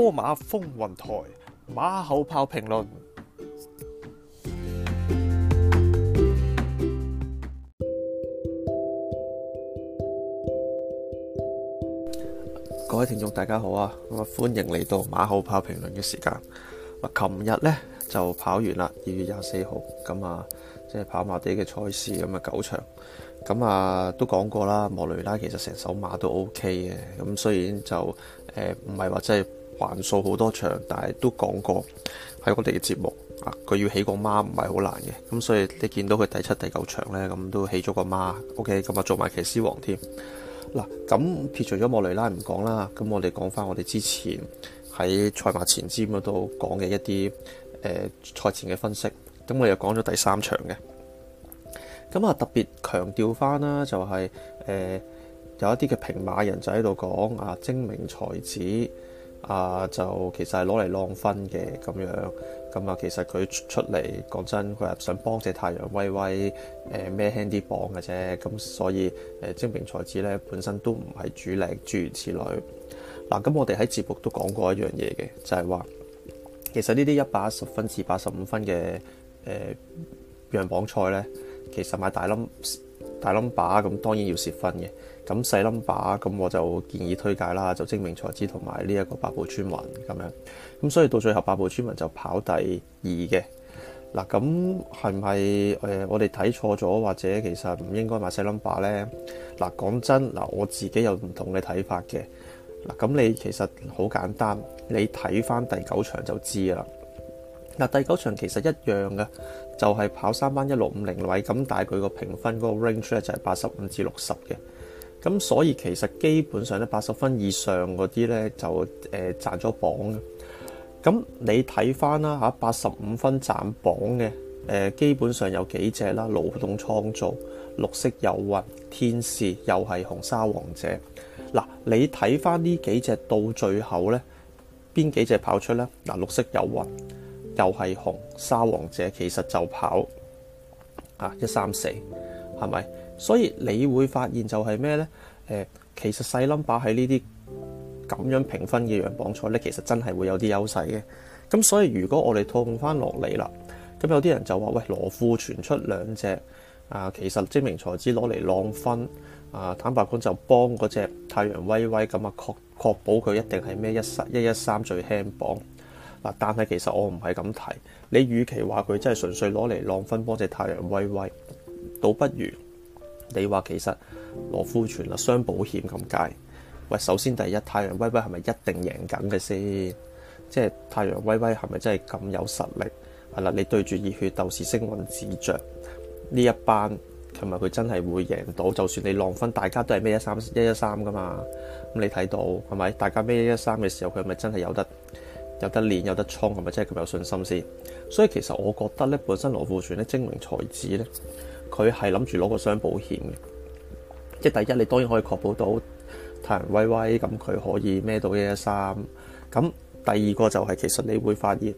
波馬風雲台，馬後炮評論。各位聽眾大家好啊，咁啊歡迎嚟到馬後炮評論嘅時間。咁琴日呢就跑完啦，二月廿四號，咁啊即係跑馬地嘅賽事咁啊九場，咁啊都講過啦，莫雷拉其實成手馬都 O K 嘅，咁雖然就誒唔係話真係。還數好多場，但係都講過喺我哋嘅節目啊。佢要起個媽唔係好難嘅，咁所以你見到佢第七、第九場呢，咁都起咗個媽、媽。OK、嗯、咁、嗯、啊做埋騎師王添嗱。咁撇除咗莫雷拉唔講啦，咁、啊、我哋講翻我哋之前喺賽馬前瞻嗰度講嘅一啲誒、啊、賽前嘅分析，咁、啊、我又講咗第三場嘅。咁啊，特別強調翻啦，就係、是、誒、啊、有一啲嘅平馬人就喺度講啊，精明才子。啊，就其實係攞嚟浪分嘅咁樣，咁啊，其實佢出嚟講真，佢係想幫隻太陽威威誒孭、呃、輕啲磅嘅啫。咁所以誒、呃、精明才子咧本身都唔係主力，諸如此類嗱。咁、啊、我哋喺節目都講過一樣嘢嘅，就係、是、話其實呢啲一百一十分至八十五分嘅誒樣磅賽咧，其實買大冧。大 number 咁當然要蝕分嘅，咁細 number 咁我就建議推介啦，就精明才子同埋呢一個八部村民咁樣。咁所以到最後八部村民就跑第二嘅嗱。咁係咪誒我哋睇錯咗，或者其實唔應該買細 number 咧？嗱，講真嗱，我自己有唔同嘅睇法嘅嗱。咁你其實好簡單，你睇翻第九場就知㗎啦。嗱，第九場其實一樣嘅，就係、是、跑三班一六五零位咁，但係佢個評分嗰個 range 咧就係八十五至六十嘅。咁所以其實基本上咧，八十分以上嗰啲咧就誒賺咗榜嘅。咁你睇翻啦嚇，八十五分賺榜嘅誒，基本上有幾隻啦？勞動創造、綠色有雲、天使又係紅沙王者。嗱，你睇翻呢幾隻到最後咧，邊幾隻跑出咧？嗱，綠色有雲。又係紅沙王者，其實就跑啊一三四，係咪？所以你會發現就係咩呢？誒、呃，其實細冧 u 喺呢啲咁樣評分嘅羊榜賽呢，其實真係會有啲優勢嘅。咁所以如果我哋套控翻落嚟啦，咁有啲人就話：喂，羅富傳出兩隻啊，其實精明才子攞嚟攬分啊，坦白講就幫嗰隻太陽威威咁啊，確確保佢一定係咩一一一三最輕榜。但係其實我唔係咁睇。你與其話佢真係純粹攞嚟浪分幫隻太陽威威，倒不如你話其實羅富全啦，雙保險咁解。喂，首先第一，太陽威威係咪一定贏緊嘅先？即係太陽威威係咪真係咁有實力？係啦，你對住熱血鬥士、星雲、指着呢一班，係咪佢真係會贏到？就算你浪分，大家都係咩一三一一三噶嘛。咁你睇到係咪？大家咩一一三嘅時候，佢咪真係有得？有得練，有得倉，係咪真係咁有信心先？所以其實我覺得咧，本身羅富全咧、精明才子咧，佢係諗住攞個雙保險嘅。即係第一，你當然可以確保到太陽威威，咁佢可以孭到一一三。咁第二個就係，其實你會發現，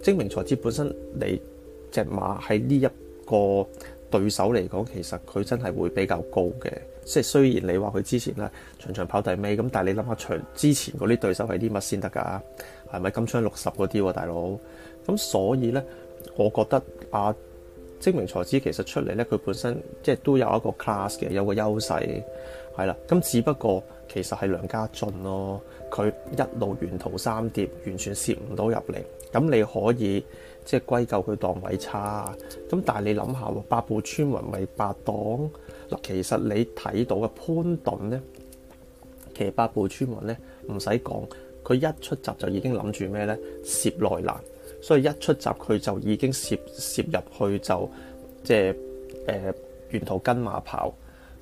誒，精明才子本身你隻馬喺呢一個對手嚟講，其實佢真係會比較高嘅。即係雖然你話佢之前咧場場跑第尾咁，但係你諗下場之前嗰啲對手係啲乜先得㗎？係咪金槍六十嗰啲大佬？咁所以呢，我覺得啊，精明才子其實出嚟呢，佢本身即係都有一個 class 嘅，有個優勢係啦。咁只不過其實係梁家俊咯，佢一路沿途三疊，完全蝕唔到入嚟。咁你可以。即係歸咎佢檔位差，咁但係你諗下喎，八步村民為八檔，嗱，其實你睇到嘅潘頓咧，其實八步村民咧唔使講，佢一出閘就已經諗住咩咧攝內欄，所以一出閘佢就已經攝攝入去就即係誒沿途跟馬跑，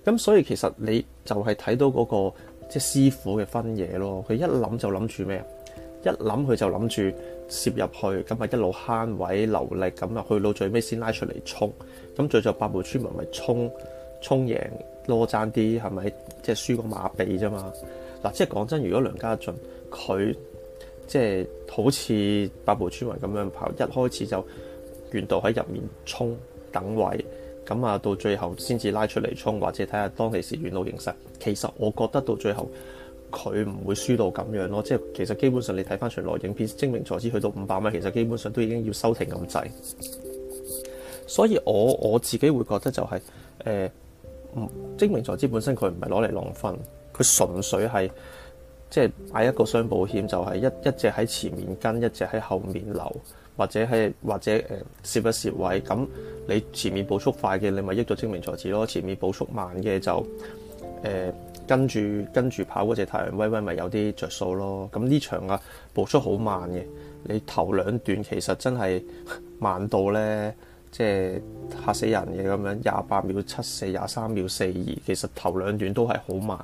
咁所以其實你就係睇到嗰、嗰個即係師傅嘅分野咯，佢一諗就諗住咩，一諗佢就諗住。攝入去，咁啊一路慳位流力，咁啊去到最尾先拉出嚟衝，咁最做八步村民咪衝，衝贏攞爭啲，係咪？即係輸個馬鼻啫嘛。嗱、啊，即係講真，如果梁家俊佢即係好似八步村民咁樣跑，一開始就沿道喺入面衝等位，咁啊到最後先至拉出嚟衝，或者睇下當其時遠路形勢。其實我覺得到最後。佢唔會輸到咁樣咯，即係其實基本上你睇翻《徐樂影片》，精明財資去到五百萬，其實基本上都已經要收停咁滯。所以我我自己會覺得就係、是、誒，唔、呃、證明財資本身佢唔係攞嚟浪費，佢純粹係即係買一個雙保險，就係、是、一一隻喺前面跟，一隻喺後面留，或者係或者誒，蝕、呃、一蝕位。咁你前面補速快嘅，你咪益咗精明財資咯；，前面補速慢嘅就誒。呃跟住跟住跑嗰隻太陽威威咪有啲着數咯，咁呢場啊步速好慢嘅，你頭兩段其實真係慢到咧，即係嚇死人嘅咁樣，廿八秒七四，廿三秒四二，其實頭兩段都係好慢，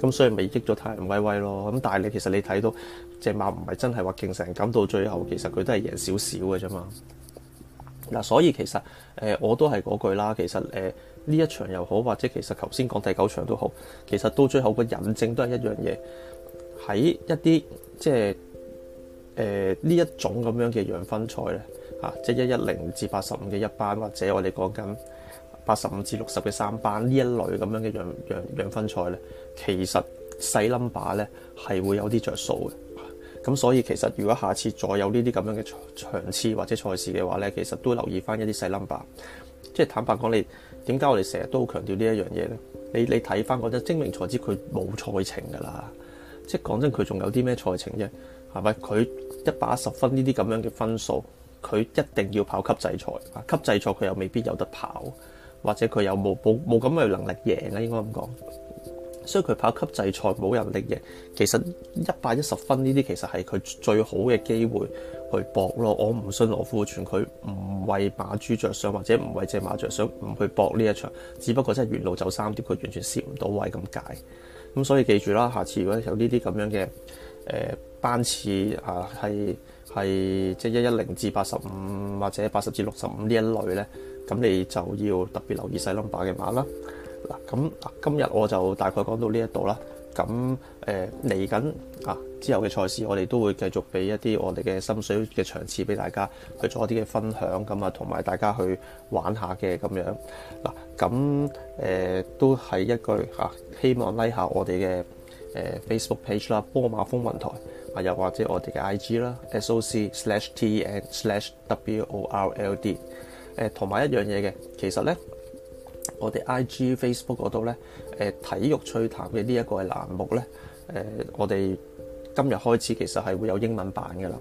咁所以咪益咗太陽威威咯，咁但係你其實你睇到隻馬唔係真係話勁成噉到最後，其實佢都係贏少少嘅啫嘛。嗱、啊，所以其實誒、呃、我都係嗰句啦，其實誒。呃呢一場又好，或者其實頭先講第九場都好，其實到最後個引證都係一樣嘢，喺一啲即係誒呢一種咁樣嘅養分賽咧嚇，即係一一零至八十五嘅一班，或者我哋講緊八十五至六十嘅三班呢一類咁樣嘅養養養分賽咧，其實細 number 咧係會有啲着數嘅。咁所以其實如果下次再有呢啲咁樣嘅場次或者賽事嘅話咧，其實都留意返一啲細 number，即係坦白講你。點解我哋成日都好強調一呢一樣嘢咧？你你睇翻嗰隻精明才子佢冇賽程㗎啦，即係講真，佢仲有啲咩賽程啫？係咪佢一百一十分呢啲咁樣嘅分數，佢一定要跑級制賽，級制賽佢又未必有得跑，或者佢又冇冇冇咁嘅能力贏啊，應該咁講。所以佢跑級制賽冇人力嘅，其實一百一十分呢啲其實係佢最好嘅機會去搏咯。我唔信羅富全佢唔為馬主着想，或者唔為隻馬着想，唔去搏呢一場。只不過真係沿路走三點，佢完全蝕唔到位咁解。咁所以記住啦，下次如果有呢啲咁樣嘅誒、呃、班次啊，係係即係一一零至八十五或者八十至六十五呢一類咧，咁你就要特別留意細 number 嘅馬啦。嗱咁嗱，今日我就大概講到呢一度啦。咁誒嚟緊啊之後嘅賽事，我哋都會繼續俾一啲我哋嘅心水嘅場次俾大家去做一啲嘅分享。咁啊，同埋大家去玩下嘅咁樣。嗱咁誒都係一句啊，希望拉下我哋嘅誒 Facebook page 啦，波馬風雲台啊，又或者我哋嘅 IG 啦，S O C slash T N slash W O R L D 誒同埋一樣嘢嘅，其實咧。我哋 IG Facebook 嗰度咧，誒體育趣談嘅呢一個係欄目咧，誒、呃、我哋今日開始其實係會有英文版嘅啦。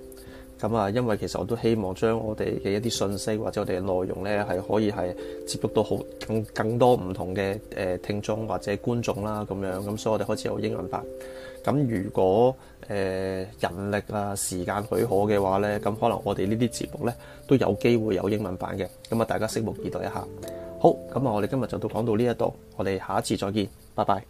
咁啊，因為其實我都希望將我哋嘅一啲信息或者我哋嘅內容咧，係可以係接觸到好更更多唔同嘅誒聽眾或者觀眾啦。咁樣咁，所以我哋開始有英文版。咁如果誒、呃、人力啊時間許可嘅話咧，咁可能我哋呢啲節目咧都有機會有英文版嘅。咁啊，大家拭目以待一下。好，咁啊，我哋今日就到講到呢度，我哋下次再見，拜拜。